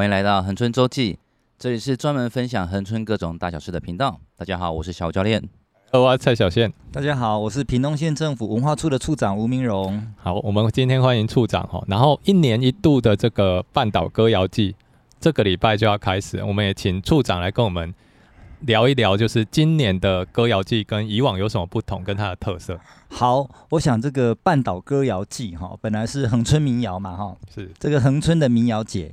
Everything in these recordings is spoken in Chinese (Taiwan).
歡迎來到恆春週記，這裡是專門分享恆春各種大小事的頻道。大家好，我是小虎教練。二哇蔡小憲。大家好，我是屏東縣政府文化處的處長吳明榮。好，我們今天歡迎處長哈。然後一年一度的這個半島歌謠祭，這個禮拜就要開始。我們也請處長來跟我們聊一聊，就是今年的歌謠祭跟以往有什麼不同，跟它的特色。好，我想這個半島歌謠祭哈，本來是恆春民謠嘛哈，是這個恆春的民謠節。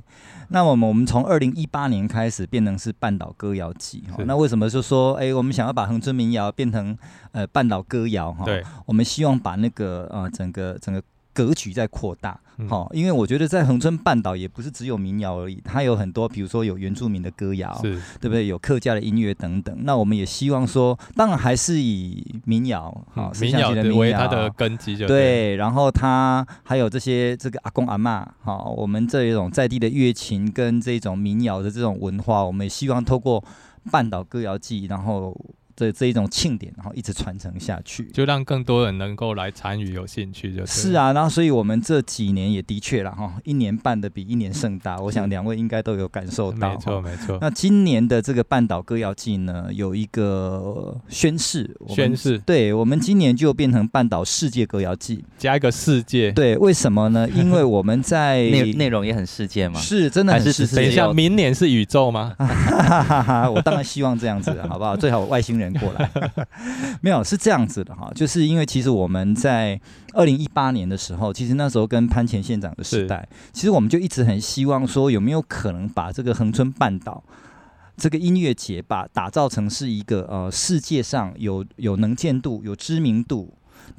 那我們我們從二零一八年開始變成是半島歌謠祭是、哦，那為什麼就說哎，我們想要把恆春民謠變成呃半島歌謠哈？哦、對，我們希望把那個呃整個整個。整個格局在擴大，好、嗯，因為我覺得在恆春半島也不是只有民謠而已，它有很多，比如說有原住民的歌謠，嗯、對不對？有客家的音樂等等。那我們也希望說，當然還是以民謠，哈，嗯、民謠、嗯、為它的根基對，對。然後它還有這些這個阿公阿嬤，哈，我們這種在地的月琴跟這種民謠的這種文化，我們也希望透過半島歌謠祭，然後，這這一種慶典，然後一直傳承下去，就讓更多人能夠來參與、有興趣就，就是是啊，然後所以我們這幾年也的確了，哈，一年辦得比一年盛大。我想兩位應該都有感受到，嗯、沒錯沒錯。那今年的這個半島歌謠祭呢，有一個宣示，宣示示，對我們今年就變成半島世界歌謠祭。加一個世界。對，為什麼呢？因為我們在內內 容也很世界嘛，是真的很世界。還是等一下，明年是宇宙嗎？ 我當然希望這樣子，好不好？最好外星人。過來， 沒有是這樣子的哈，就是因為其實我們在二零一八年的時候，其實那時候跟潘前縣長的時代，是其實我們就一直很希望說，有沒有可能把這個恆春半島這個音樂節，把打造成是一個呃世界上有有能見度、有知名度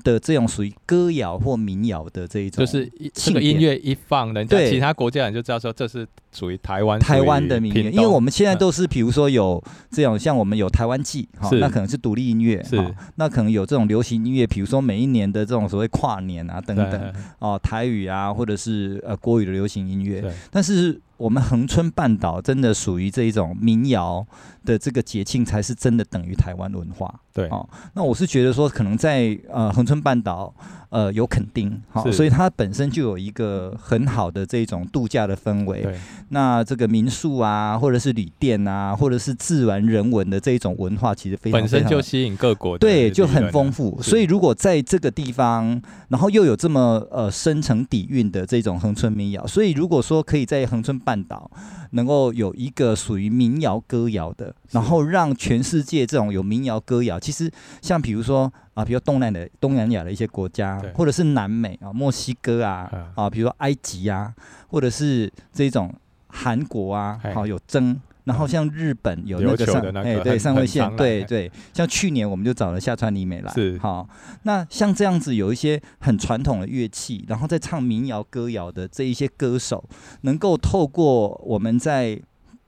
的這種屬於歌謠或民謠的這一種，就是這個音樂一放人家，人對其他國家人就知道說這是。屬於台灣台灣的音樂，因為我們現在都是，比、嗯、如說有這種像我們有台灣祭哈是、哦，那可能是獨立音樂，是、哦、那可能有這種流行音樂，比如說每一年的這種所謂跨年啊等等，對哦，台語啊，或者是呃國語的流行音樂。對但是我們恆春半島真的屬於這一種民謠的這個節慶，才是真的等於台灣文化。對哦，那我是覺得說，可能在呃恆春半島。呃，有肯定好，哦、是所以它本身就有一個很好的這種度假的氛圍。對那這個民宿啊，或者是旅店啊，或者是自然人文的這一種文化，其實非常，非常本身就吸引各國，對，就很豐富。是所以如果在這個地方，然後又有這麼呃深層底蘊的這種恆春民謠，所以如果說可以在恆春半島能夠有一個屬於民謠歌謠的。然後讓全世界這種有民謠歌謠，其實像比如說啊，比如東南亞的東南亞的一些國家，對或者是南美啊，墨西哥啊，啊、啊，比如說埃及啊，或者是這種韓國啊，嘿好有箏，然後像日本有那個上那個哎對三味線，對對，對像去年我們就找了夏川里美了，是好，那像這樣子有一些很傳統的樂器，然後再唱民謠歌謠的這一些歌手，能夠透過我們在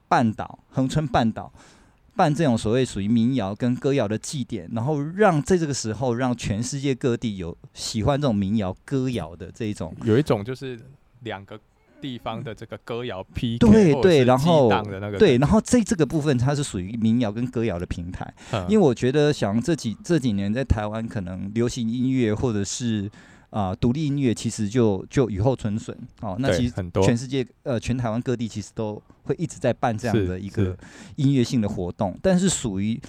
半島恆春半島辦這種所謂屬於民謠跟歌謠的祭典，然後讓在這個時候讓全世界各地有喜歡這種民謠歌謠的這一種，有一種就是兩個地方的這個歌謠 PK, 對對，的對，然後對，然後在這個部分它是屬於民謠跟歌謠的平台，嗯、因為我覺得像這幾這幾年在台灣可能流行音樂或者是。啊，獨立音樂其實就就雨後春筍哦，啊，那其實全世界呃，全台灣各地其實都會一直在辦這樣的一個音樂性的活動，是是但是屬於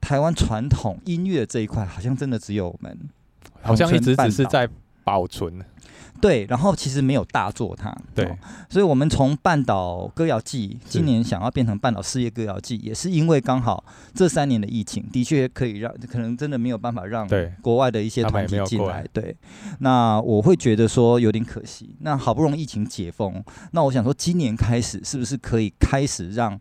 台灣傳統音樂這一塊，好像真的只有我們，好像一直只是在保存。對，然後其實沒有大做它，對、哦，所以我們從半島歌謠祭今年想要變成半島世界歌謠祭，是也是因為剛好這三年的疫情，的確可以讓可能真的沒有辦法讓國外的一些團體進來，對，來對。那我會覺得說有點可惜，那好不容易疫情解封，那我想說今年開始是不是可以開始讓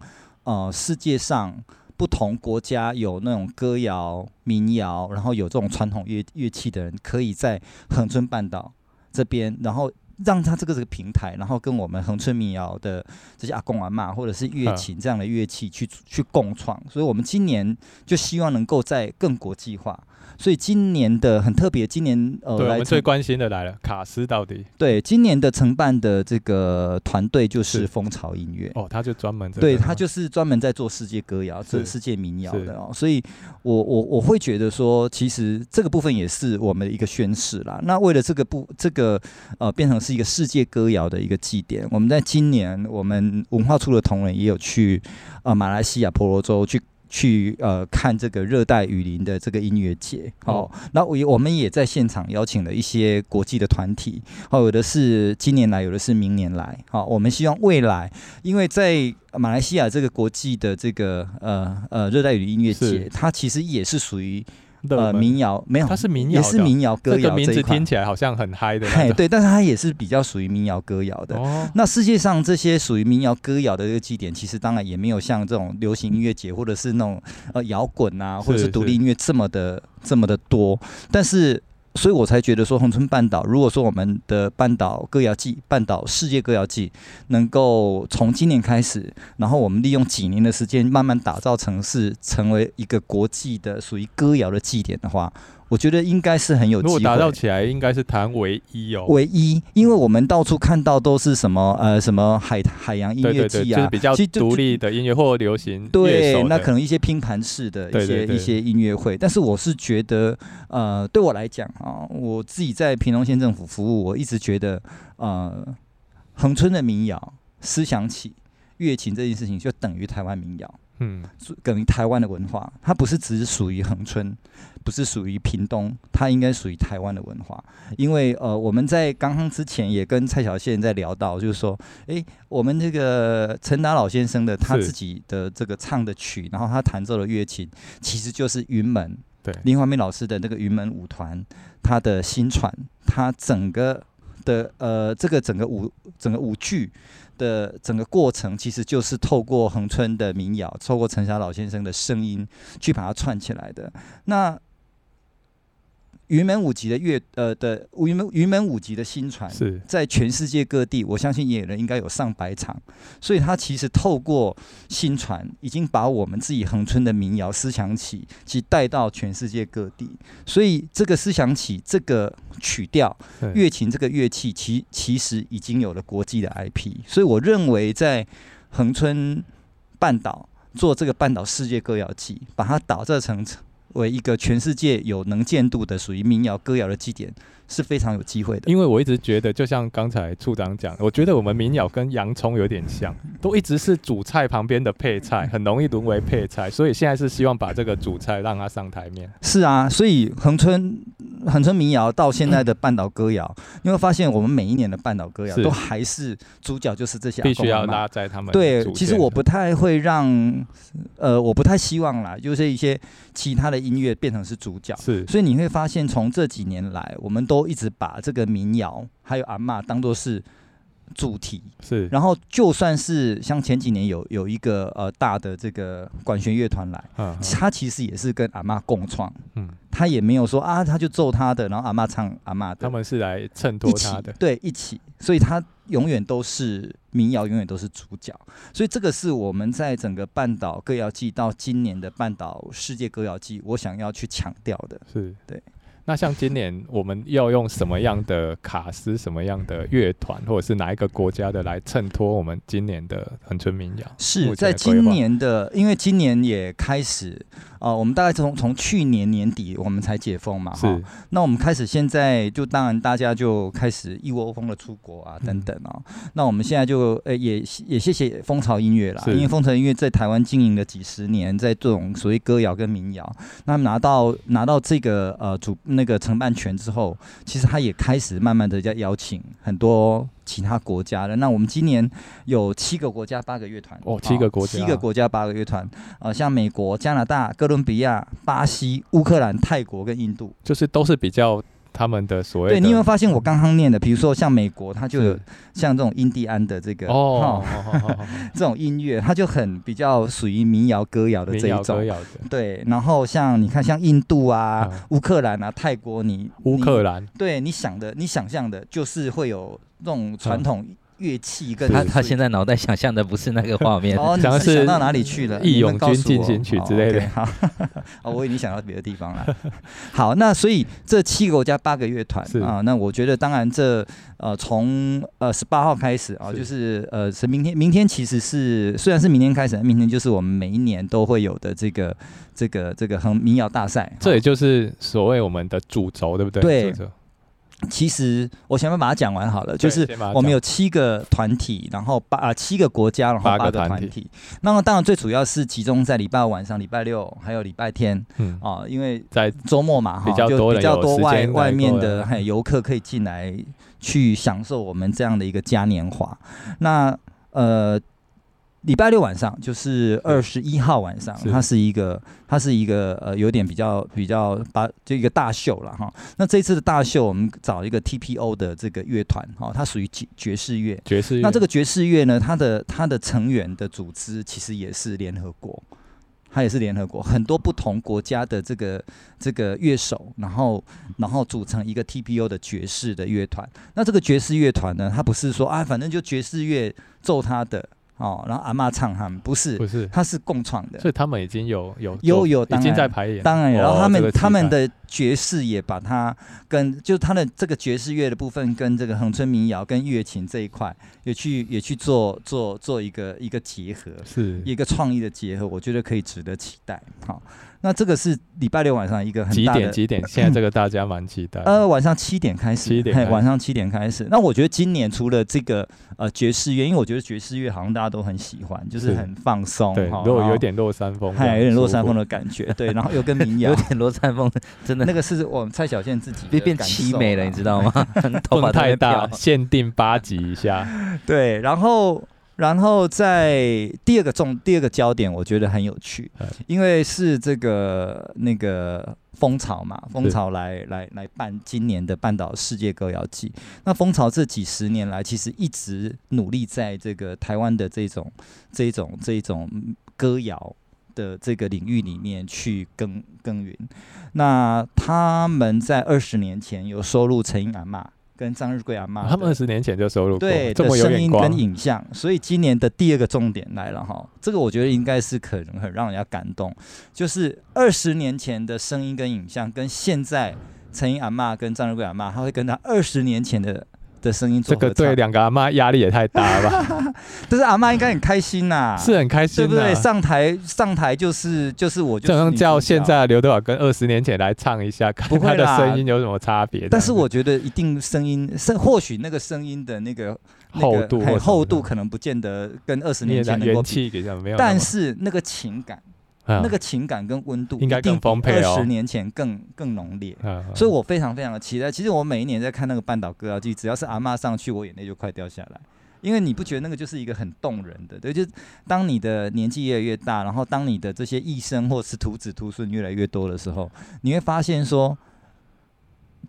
呃世界上不同國家有那種歌謠、民謠，然後有這種傳統樂樂器的人，可以在恆春半島這邊，然後讓他這個這個平台，然後跟我們恆春民謠的這些阿公阿嬤或者是月琴這樣的樂器去、嗯、去共創，所以我們今年就希望能夠在更國際化。所以今年的很特別，今年呃對來成我們最關心的來了，卡斯到底？對，今年的承辦的這個團隊就是風潮音樂哦，他就專門、這個、對他就是專門在做世界歌謠、做是世界民謠的哦。是所以我，我我我會覺得說，其實這個部分也是我們的一個宣示啦。那為了這個部，這個呃，變成是一個世界歌謠的一個祭典，我們在今年，我們文化處的同仁也有去呃馬來西亞婆羅洲去。去呃看這個熱帶雨林的這個音樂節，好、嗯哦，那我也我們也在現場邀請了一些國際的團體，好、哦，有的是今年來，有的是明年來，好、哦，我們希望未來，因為在馬來西亞這個國際的這個呃呃熱帶雨林音樂節，是它其實也是屬於。呃，民謠沒有，它是民謠、啊，也是民謠歌謠，這個名字聽起來好像很嗨的樣子，嘿，對，但是它也是比較屬於民謠歌謠的。哦、那世界上這些屬於民謠歌謠的這個祭典，其實當然也沒有像這種流行音樂節，或者是那種呃搖滾啊，或者是獨立音樂這麼的是是這麼的多。但是。所以我才覺得說，恆春半島，如果說我們的半島歌謠祭、半島世界歌謠祭，能夠從今年開始，然後我們利用幾年的時間，慢慢打造城市，成為一個國際的屬於歌謠的祭典的話。我覺得應該是很有機會。如果打造起來，應該是談唯一哦，唯一，因為我們到處看到都是什麼呃什麼海海洋音樂季啊，對對對，就是比較獨立的音樂就就或流行。對，那可能一些拼盤式的，一些對對對一些音樂會。但是我是覺得，呃，對我來講啊、哦，我自己在屏東縣政府服務，我一直覺得，呃，恆春的民謠思想起月琴這件事情，就等於台灣民謠。嗯，屬於台灣的文化，它不是只屬於恆春，不是屬於屏東，它應該屬於台灣的文化。因為呃，我們在剛剛之前也跟蔡小憲在聊到，就是說，誒、欸，我們這個陳達老先生的他自己的這個唱的曲，是 然後他彈奏的樂器，其實就是雲門，對，林懷民老師的那個雲門舞團，他的薪傳，他整個。的呃，這個整個舞整個舞劇的整個過程，其實就是透過恆春的民謠，透過陳達老先生的聲音去把它串起來的。那雲門舞集的樂呃的雲門雲門舞集的薪傳，在全世界各地，我相信也人應該有上百場，所以它其實透過薪傳，已經把我們自己恆春的民謠思想起，其實帶到全世界各地，所以這個思想起這個曲調、月琴這個樂器其，其其實已經有了國際的 IP，所以我認為在恆春半島做這個半島世界歌謠祭，把它打造成，為一個全世界有能見度的、屬於民謠歌謠的祭典。是非常有機會的，因為我一直覺得，就像剛才處長講，我覺得我們民謠跟洋蔥有點像，都一直是主菜旁邊的配菜，很容易淪為配菜，所以現在是希望把這個主菜讓它上台面。 是啊，所以恆春恆春民謠到現在的半島歌謠，嗯、你會發現我們每一年的半島歌謠是都還是主角，就是這些阿公阿嬤必須要拉在他們。對，其實我不太會讓，呃，我不太希望啦，就是一些其他的音樂變成是主角。是，所以你會發現從這幾年來，我們都。一直把這個民謠還有阿嬤當做是主題，是。然後就算是像前幾年有有一個呃大的這個管弦樂團來，嗯，他其實也是跟阿嬤共創，嗯，他也沒有說啊，他就奏他的，然後阿嬤唱阿嬤的，他們是來襯托他的，對，一起。所以他永遠都是民謠，永遠都是主角。所以這個是我們在整個半島歌謠祭到今年的半島世界歌謠祭，我想要去強調的，是對。那像今年我們要用什麼樣的卡司，什麼樣的樂團，或者是哪一個國家的來襯托我們今年的恆春民謠？是在今年的，的因為今年也開始啊、呃，我們大概從從去年年底我們才解封嘛，是。那我們開始現在就當然大家就開始一窩蜂的出國啊等等啊、喔。嗯、那我們現在就呃、欸、也也謝謝風潮音樂啦，是因為風潮音樂在台灣經營了幾十年，在這種所謂歌謠跟民謠，那拿到拿到這個呃主。那個承辦權之後，其實他也開始慢慢的在邀請很多其他國家的。那我們今年有七個國家八個樂團，哦，七個國家、哦，七個國家八個樂團，啊、呃，像美國、加拿大、哥倫比亞、巴西、烏克蘭、泰國跟印度，就是都是比較。他們的所謂的對，你有沒有發現我剛剛念的？比如說像美國，它就有像這種印第安的這個、oh, 哦，哦好好好好這種音樂，它就很比較屬於民謠歌謠的這一種。民謠歌謠的對，然後像你看，像印度啊、烏、嗯、克蘭啊、泰國，你烏克蘭，對，你想的、你想象的，就是會有這種傳統。樂器，跟他他現在腦袋想象的不是那個畫面，是 哦，你是想到哪裡去了？ 《義勇軍進行曲》之類的。Oh, okay, 好， oh, 我已經想到別的地方了。 好，那所以這七個國家八個樂團 啊，那我覺得當然這呃從呃十八號開始啊，就是呃是明天，明天其實是雖然是明天開始，明天就是我們每一年都會有的這個這個這個恆春民謠大賽，啊、這也就是所謂我們的主軸，對不對？對。其實我前面把它講完好了，就是我們有七個團體，然後八啊七個國家，然後八個團體。團體那麼當然最主要是集中在禮拜五晚上、禮拜六還有禮拜天啊、嗯哦，因為在週末嘛哈，比就比較多外外，外面的遊客可以進來去享受我們這樣的一個嘉年華。嗯、那呃。禮拜六晚上，就是二十一號晚上，是是它是一個，它是一個，呃，有點比較比較，把就一個大秀了哈。那這一次的大秀，我們找一個 TPO 的這個樂團，哈，它屬於爵爵士樂。爵士樂。那這個爵士樂呢，它的它的成員的組織其實也是聯合國，它也是聯合國，很多不同國家的這個這個樂手，然後然後組成一個 TPO 的爵士的樂團。那這個爵士樂團呢，它不是說啊，反正就爵士樂奏他的。哦，然後阿嬤唱哈，不是，不是，它是共創的，所以他們已經有有有有，有有當然已經在排演，當然，當然,哦、然後他們他們的爵士也把它跟就是他的這個爵士樂的部分跟這個恆春民謠跟月琴這一塊也去也去做做做一個一個結合，是一個創意的結合，我覺得可以值得期待，好、哦。那這個是禮拜六晚上一個很大的幾點？幾點？現在這個大家蠻期待，嗯。呃，晚上七點開始。七點。晚上七點開始。那我覺得今年除了這個呃爵士樂，因為我覺得爵士樂好像大家都很喜歡，就是很放鬆。對，好好有點落山風，有點落山風的感覺。對，然後又跟民謠 有點落山風，真的那個是我們蔡小憲自己。別 變淒美了，的你知道嗎？頭髮太大， 限定八級以下。對，然後。然後在第二個重第二個焦點，我覺得很有趣，哎、因為是這個那個風潮嘛，風潮來是來來辦今年的半島世界歌謠祭。那風潮這幾十年來，其實一直努力在這個台灣的這種、這種、這種歌謠的這個領域裡面去耕耕耘。那他們在二十年前有收錄陳英然嘛？跟張日貴阿嬤，他們二十年前就收入，對，對聲音跟影像，所以今年的第二個重點來了哈。這個我覺得應該是可能很讓人家感動，就是二十年前的聲音跟影像，跟現在陳英阿嬤跟張日貴阿嬤，他會跟他二十年前的。的聲音，這個對兩個阿媽壓力也太大了吧？ 但是阿媽應該很開心吶、啊， 是很開心、啊，對不對？上台上台就是就是我就是，就像叫現在劉德華跟二十年前來唱一下，看他的聲音有什麼差別。但是我覺得一定聲音， 或許那個聲音的那個厚度、那個、厚度可能不見得跟二十年前比來氣一沒有，但是那個情感。那個情感跟溫度應該更豐沛了，二十年前更更濃烈，嗯哦、所以我非常非常的期待。其實我每一年在看那個《半島歌謠祭》，只要是阿嬤上去，我眼淚就快掉下來，因為你不覺得那個就是一個很動人的？對，就當你的年紀越來越大，然後當你的這些藝生或是徒子徒孫越來越多的時候，你會發現說，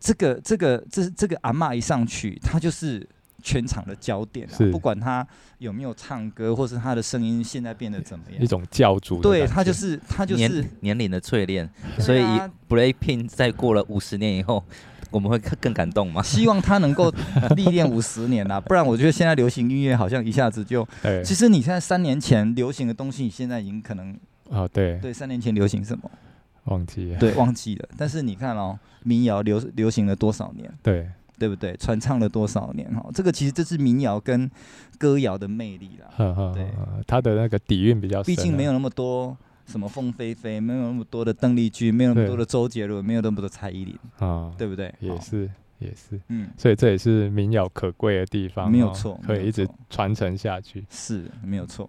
這個這個這這個阿嬤一上去，她就是。全場的焦點，不管他有沒有唱歌，或是他的聲音現在變得怎麼樣，一種教主。對他就是他就是年齡的淬鍊，所以 Bryan 在過了五十年以後，我們會更感動嗎？希望他能夠歷練五十年吶，不然我覺得現在流行音樂好像一下子就，其實你現在三年前流行的東西，現在已經可能，對，三年前流行什麼？忘記了，對，忘記了。但是你看哦，民謠流流行了多少年？對。對不對？傳唱了多少年？哈、哦，這個其實這是民謠跟歌謠的魅力啦。呵呵，對，他的那個底蘊比較深。畢竟沒有那麼多什麼鳳飛飛，沒有那麼多的鄧麗君，沒有那麼多的周杰倫，對沒有那麼多的蔡依林啊，哦，對不對？也是，哦，也是。嗯，所以這也是民謠可貴的地方、哦，沒有錯，可以一直傳承下去。是沒有錯。沒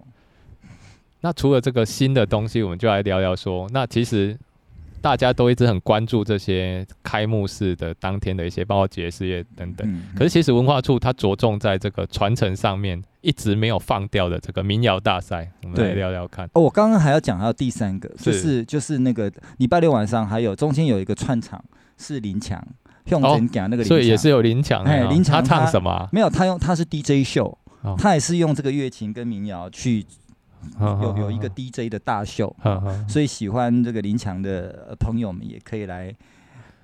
有錯，那除了這個新的東西，我們就來聊聊說，那其實。大家都一直很關注這些開幕式的當天的一些，包括爵士樂等等。嗯、哼可是其實文化處他着重在這個傳承上面，一直沒有放掉的這個民謠大賽，我們來聊聊看。哦，我剛剛還要講到第三個，是就是就是那個禮拜六晚上，還有中間有一個串場是林強用真講那個、哦，所以也是有林強。哎，林強他唱什麼、啊沒有，他用他是 DJ 秀，他也是用這個月琴跟民謠去。哦有有一個 DJ 的大秀，哦哦、所以喜歡這個林強的朋友們也可以來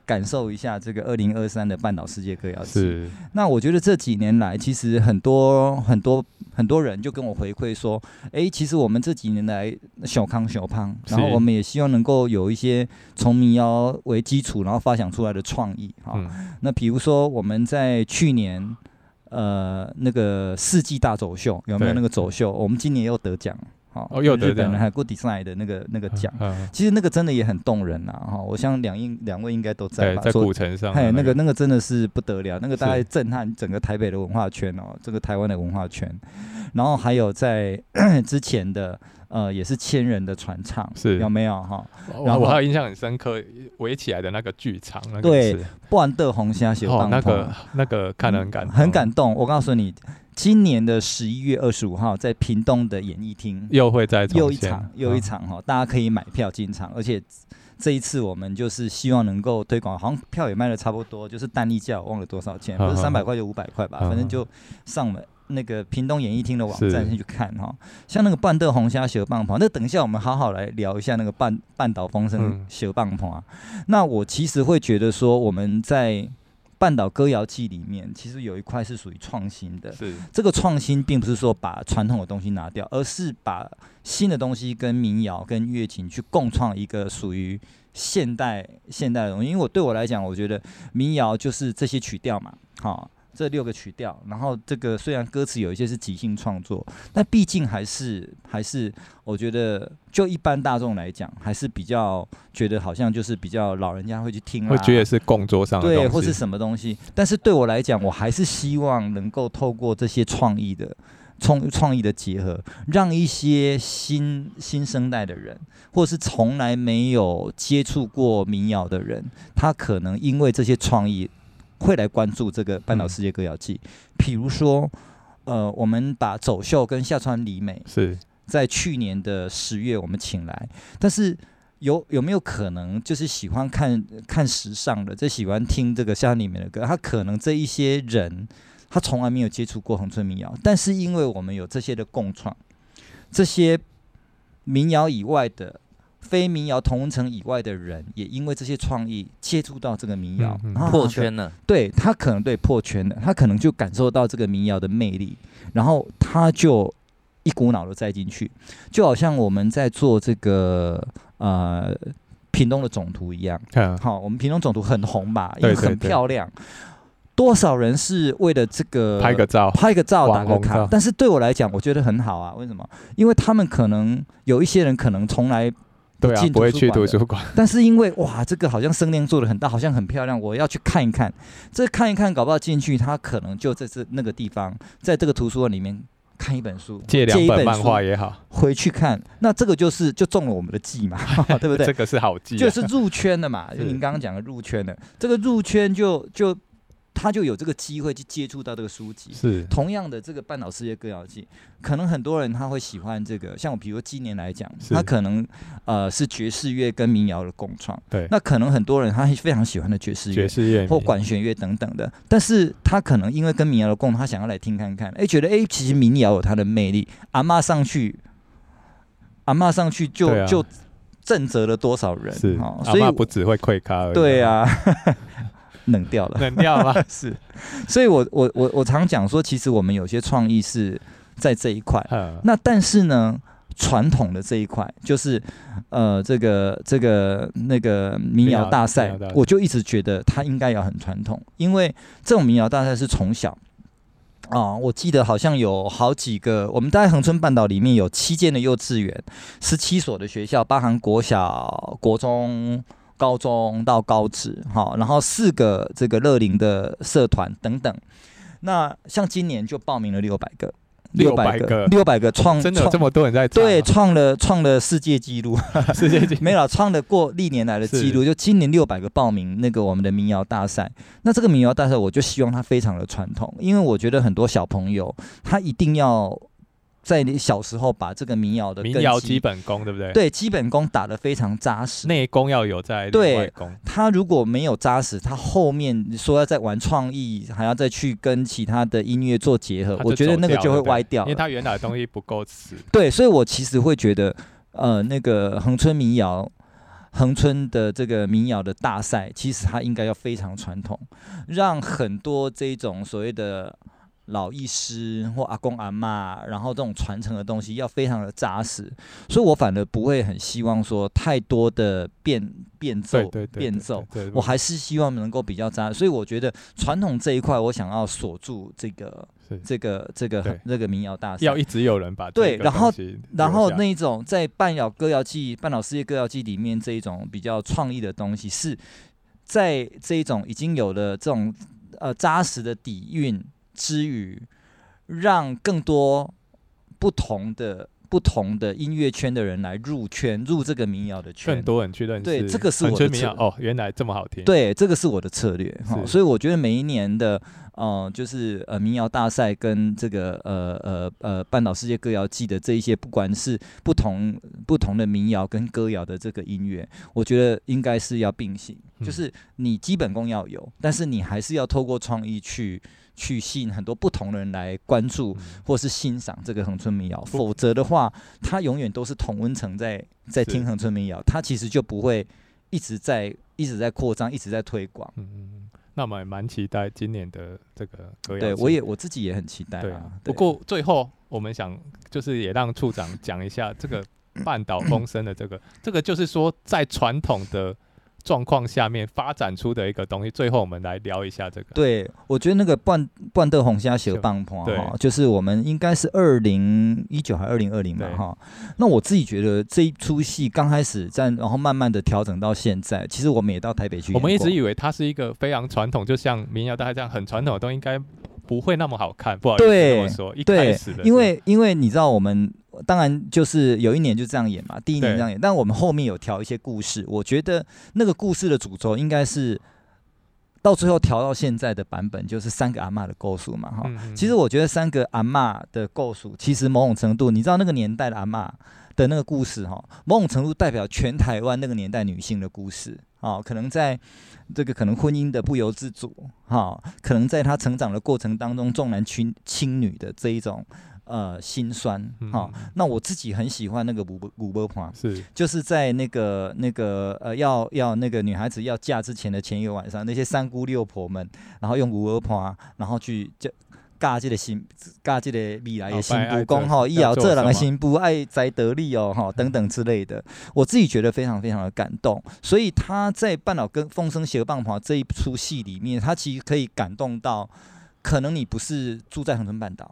感受一下這個二零二三的半島世界歌謠祭是。那我覺得這幾年來，其實很多很多很多人就跟我回饋說，哎、欸，其實我們這幾年來小康小康，是然後我們也希望能夠有一些從民謠為基礎，然後發想出來的創意哈，哦嗯、那比如說我們在去年。呃，那個世紀大走秀有沒有那個走秀？對我們今年又得獎，哦，有日本還有 good design 的那個那個獎，呵呵其實那個真的也很動人吶、啊，哈、哦，我想兩應兩位應該都在、欸、說在古城上、那個嘿，那個那個真的是不得了，那個大家震撼整個台北的文化圈哦，這是個台灣的文化圈，然後還有在咳咳之前的。呃，也是千人的傳唱，是有沒有哈？然後我，我還有印象很深刻，圍起來的那個劇場，那個對，不完的紅蝦寫，哦，那個那個看了很感動、嗯，很感動。我告訴你，今年的十一月二十五號在屏東的演藝廳又會再又一場又一場哈，哦、大家可以買票進場，而且這一次我們就是希望能夠推廣，好像票也賣得差不多，就是單立價我忘了多少錢，不是三百塊就五百塊吧，嗯嗯嗯反正就上了。那個屏東演藝廳的網站先去看哈，像那個半島紅蝦雪棒棚，那等一下我們好好來聊一下那個半半島風聲雪棒棚啊。嗯、那我其實會覺得說，我們在半島歌謠祭裡面，其實有一塊是屬於創新的。這個創新並不是說把傳統的東西拿掉，而是把新的東西跟民謠跟月琴去共創一個屬於現代現代東西的。因為，我對我來講，我覺得民謠就是這些曲調嘛，哈。這六個曲調，然後這個雖然歌詞有一些是即興創作，但畢竟還是還是，我覺得就一般大眾來講，還是比較覺得好像就是比較老人家會去聽、啊、會覺得也是工作上的對，或是什麼東西。但是對我來講，我還是希望能夠透過這些創意的創創意的結合，讓一些新新生代的人，或是從來沒有接觸過民謠的人，他可能因為這些創意。會來關注這個半島世界歌謠祭，嗯，比如說，呃，我們把走秀跟夏川里美是在去年的十月我們請來，但是有有沒有可能就是喜歡看看時尚的，就喜歡聽這個夏川里美的歌？他可能這一些人他從來沒有接觸過恆春民謠，但是因為我們有這些的共創，這些民謠以外的。非民謠同城以外的人，也因為這些創意接觸到這個民謠，然後破圈了。對他可能對破圈了，他可能就感受到這個民謠的魅力，然後他就一股腦的栽進去，就好像我們在做這個呃屏東的總圖一樣。嗯、好，我們屏東總圖很紅吧？因為很漂亮，對對對，多少人是為了這個拍個照、拍個照，打個卡。但是對我來講，我覺得很好啊。為什麼？因為他們可能有一些人可能從來。進，對啊，不會去圖書館，但是因為哇，這個好像聲量做的很大，好像很漂亮，我要去看一看。這看一看，搞不好進去，他可能就在這那個地方，在這個圖書館裡面看一本書，借兩本漫畫也好，回去看。那這個就是就中了我們的計嘛、 啊，對不對？這個是好計、啊，就是入圈的嘛。就您剛剛講的入圈的，是這個入圈就就。他就有這個機會去接觸到這個書籍。是，同樣的，這個《半島世界歌謠祭》，可能很多人他會喜歡這個，像我，比如今年來講，是他可能呃是爵士樂跟民謠的共創。對。那可能很多人他是非常喜歡的爵士樂，爵士樂或管弦樂等等的，但是他可能因為跟民謠的共，他想要來聽看看，哎、欸，覺得哎、欸，其實民謠有它的魅力。阿嬤上去，阿嬤上去就、啊、就震懾了多少人啊是、哦！所以不只會潰咖。對啊。 冷掉了，冷掉了，是，所以我我我我常講說，其實我們有些創意是在這一塊， 那但是呢，傳統的這一塊，就是呃，這個這個那個民謠大賽，大我就一直覺得它應該要很傳統，因為這種民謠大賽是從小啊，我記得好像有好幾個，我們在恆春半島裡面有七間的幼稚園，十七所的學校，包含國小、國中。高中到高職，好，然後四個這個樂齡的社團等等，那像今年就報名了六百個，六百個，六百個，個創、哦、真的這麼多人在對創了創了世界紀錄， 世界紀錄沒有創了過歷年來的紀錄，是就今年六百個報名那個我們的民謠大賽，那這個民謠大賽我就希望它非常的傳統，因為我覺得很多小朋友他一定要。在你小時候，把這個民謠的民謠基本功，對不對？對，基本功打得非常紮實，內功要有在外功。對，他如果沒有紮實，他後面說要再玩創意，還要再去跟其他的音樂做結合，我覺得那個就會歪掉，因為他原來的東西不夠吃 對，所以我其實會覺得，呃，那個恆春民謠，恆春的這個民謠的大賽，其實它應該要非常傳統，讓很多這種所謂的。老醫師或阿公阿嬤，然後這種傳承的東西要非常的扎實，所以我反而不會很希望說太多的變變奏變奏，我還是希望能夠比較扎實。所以我覺得傳統這一塊，我想要鎖住這個是這個這個對這個民謠大師，要一直有人把對，然後然後那一種在半島歌謠祭半島世界歌謠祭裡面這一種比較創意的東西，是在這一種已經有了這種呃扎實的底蘊。之於，讓更多不同的，不同的音樂圈的人來入圈，入這個民謠的圈，更多人去認識對，這個是我的策略哦，原來這麼好聽。對，這個是我的策略。是所以我覺得每一年的呃，就是呃，民謠大賽跟這個呃呃呃，半島世界歌謠祭的這一些，不管是不同不同的民謠跟歌謠的這個音樂，我覺得應該是要並行，就是你基本功要有，但是你還是要透過創意去。去吸引很多不同的人來關注，或是欣賞這個恆春民謠。嗯、否則的話，他、嗯、永遠都是同溫層在在聽恆春民謠，他是其實就不會一直在一直在擴張，一直在推廣。嗯嗯，那麼也蠻期待今年的這個歌謠。對，我也我自己也很期待。啊對。對不過最後我們想就是也讓處長講一下這個半島風聲的這個，咳咳咳這個就是說在傳統的，狀況下面發展出的一個東西，最後我們來聊一下這個。對，我覺得那個《半半豆紅蝦》和《棒棒哈，就是我們應該是二零一九還是二零二零年哈。那我自己覺得這一出戲剛開始在，然後慢慢的調整到現在，其實我們也到台北去，我們一直以為它是一個非常傳統，就像民謠大概這樣很傳統，都應該。不會那麼好看，不好意思，對，對，因為因為你知道我們當然就是有一年就這樣演嘛，第一年這樣演，對但我們後面有調一些故事，我覺得那個故事的主軸應該是到最後調到現在的版本，就是三個阿嬤的故事嘛，哈，嗯、哼其實我覺得三個阿嬤的故事，其實某種程度你知道那個年代的阿嬤的那個故事哈，某種程度代表全台灣那個年代女性的故事。哦，可能在這個可能婚姻的不由自主，哈、哦，可能在他成長的過程當中重男輕輕女的這一種呃心酸，哈、哦。嗯、那我自己很喜歡那個五五波盤，是，就是在那個那個呃要要那個女孩子要嫁之前的前一個晚上，那些三姑六婆們，然後用五波盤，然後去就尬己的心，尬己的未來的新不公哈，也要這人的心不愛宅得利哦，哈等等之類的，我自己覺得非常非常的感動。所以他在半島跟風聲血和棒棒這一出戲裡面，他其實可以感動到，可能你不是住在恆春半島，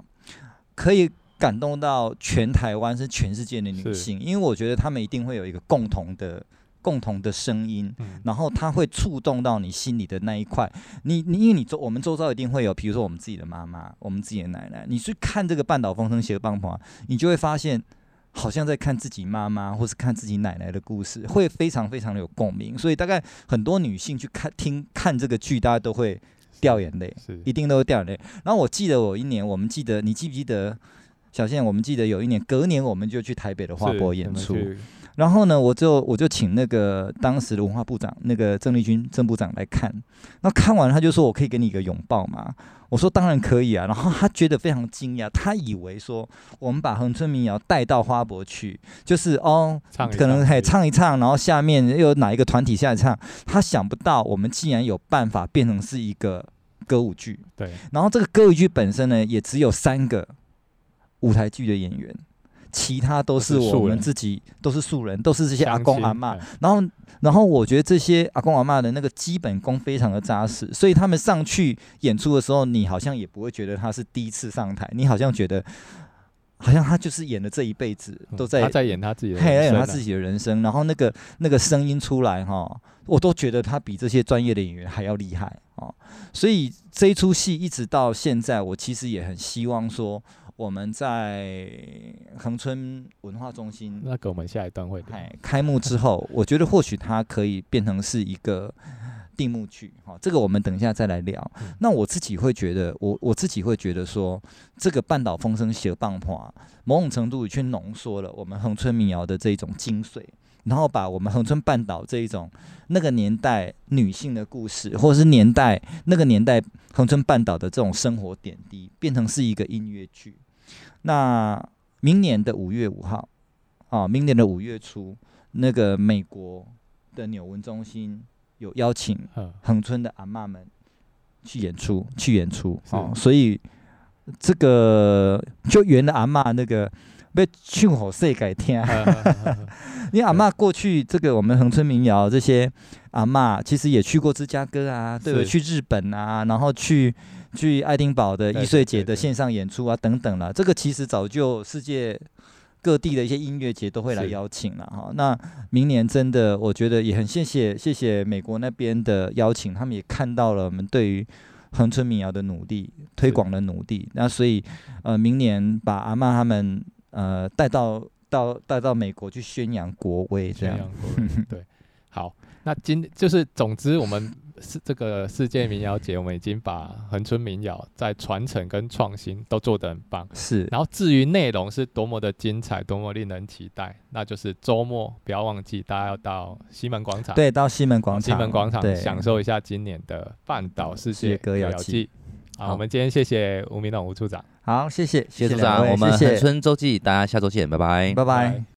可以感動到全台灣是全世界的女性，因為我覺得她們一定會有一個共同的。共同的聲音，然後它會觸動到你心裡的那一塊。你你因為你周我們周遭一定會有，比如說我們自己的媽媽，我們自己的奶奶。你去看這個《半島風聲》寫的棒法，你就會發現，好像在看自己媽媽，或是看自己奶奶的故事，會非常非常的有共鳴。所以大概很多女性去看、聽、看這個劇，大家都會掉眼淚，一定都會掉眼淚。然後我記得有一年，我們記得你記不記得小倩？我們記得有一年，隔年我們就去台北的花博演出。然後呢，我就我就請那個當時的文化部長，那個鄭麗君鄭部長來看。那看完他就說，我可以給你一個擁抱嗎？我說當然可以啊。然後他覺得非常驚訝，他以為說我們把恆春民謠帶到花博去，就是哦，唱唱可能嘿唱一唱，然後下面又有哪一個團體下來唱，他想不到我們竟然有辦法變成是一個歌舞劇。對，然後這個歌舞劇本身呢，也只有三個舞台劇的演員。其他都是我們自己，都是素人，都是素人，都是這些阿公親阿嬤。然後，然後我覺得這些阿公阿嬤的那個基本功非常的扎實，所以他們上去演出的時候，你好像也不會覺得他是第一次上台，你好像覺得好像他就是演了這一輩子都在、嗯、他在演他自己的，在演い他自己的人生。然,然後那個那個聲音出來哈，我都覺得他比這些專業的演員還要厲害，所以這一出戲一直到現在，我其實也很希望說。我們在恆春文化中心，那給我們下一段會開開幕之後， 我覺得或許它可以變成是一個定目劇哈，這個我們等一下再來聊。嗯、那我自己會覺得，我我自己會覺得說，這個半島風聲雪棒花，某種程度去濃縮了我們恆春民謠的這一種精髓，然後把我們恆春半島這一種那個年代女性的故事，或者是年代那個年代恆春半島的這種生活點滴，變成是一個音樂劇。那明年的五月五號，哦，明年的五月初，那個美國的紐文中心有邀請恆春的阿嬤們去演出，嗯、去演出。嗯、哦，是所以這個就圓了阿嬤那個要唱給世界聽。 嗯、因為阿嬤過去這個我們恆春民謠這些阿嬤，其實也去過芝加哥啊，是對對？去日本啊，然後去。去愛丁堡的藝穗節的線上演出啊，等等啦，這個其實早就世界各地的一些音樂節都會來邀請了哈。那明年真的，我覺得也很謝謝謝謝美國那邊的邀請，他們也看到了我們對於恆春民謠的努力推廣的努力。那所以呃，明年把阿嬤他們呃帶到到帶到美國去宣揚國威，這樣對。好，那今就是總之我們。 是這個世界民謠節，我們已經把恆春民謠在傳承跟創新都做得很棒。是，然後至於內容是多麼的精彩，多麼令人期待，那就是周末不要忘記，大家要到西門廣場。對，到西門廣場。西門廣場享受一下今年的半島世界歌謠祭。我們今天謝謝吳明榮吳處長。好，謝謝謝處長。我們恆春週記，大家下周見，拜拜。拜拜。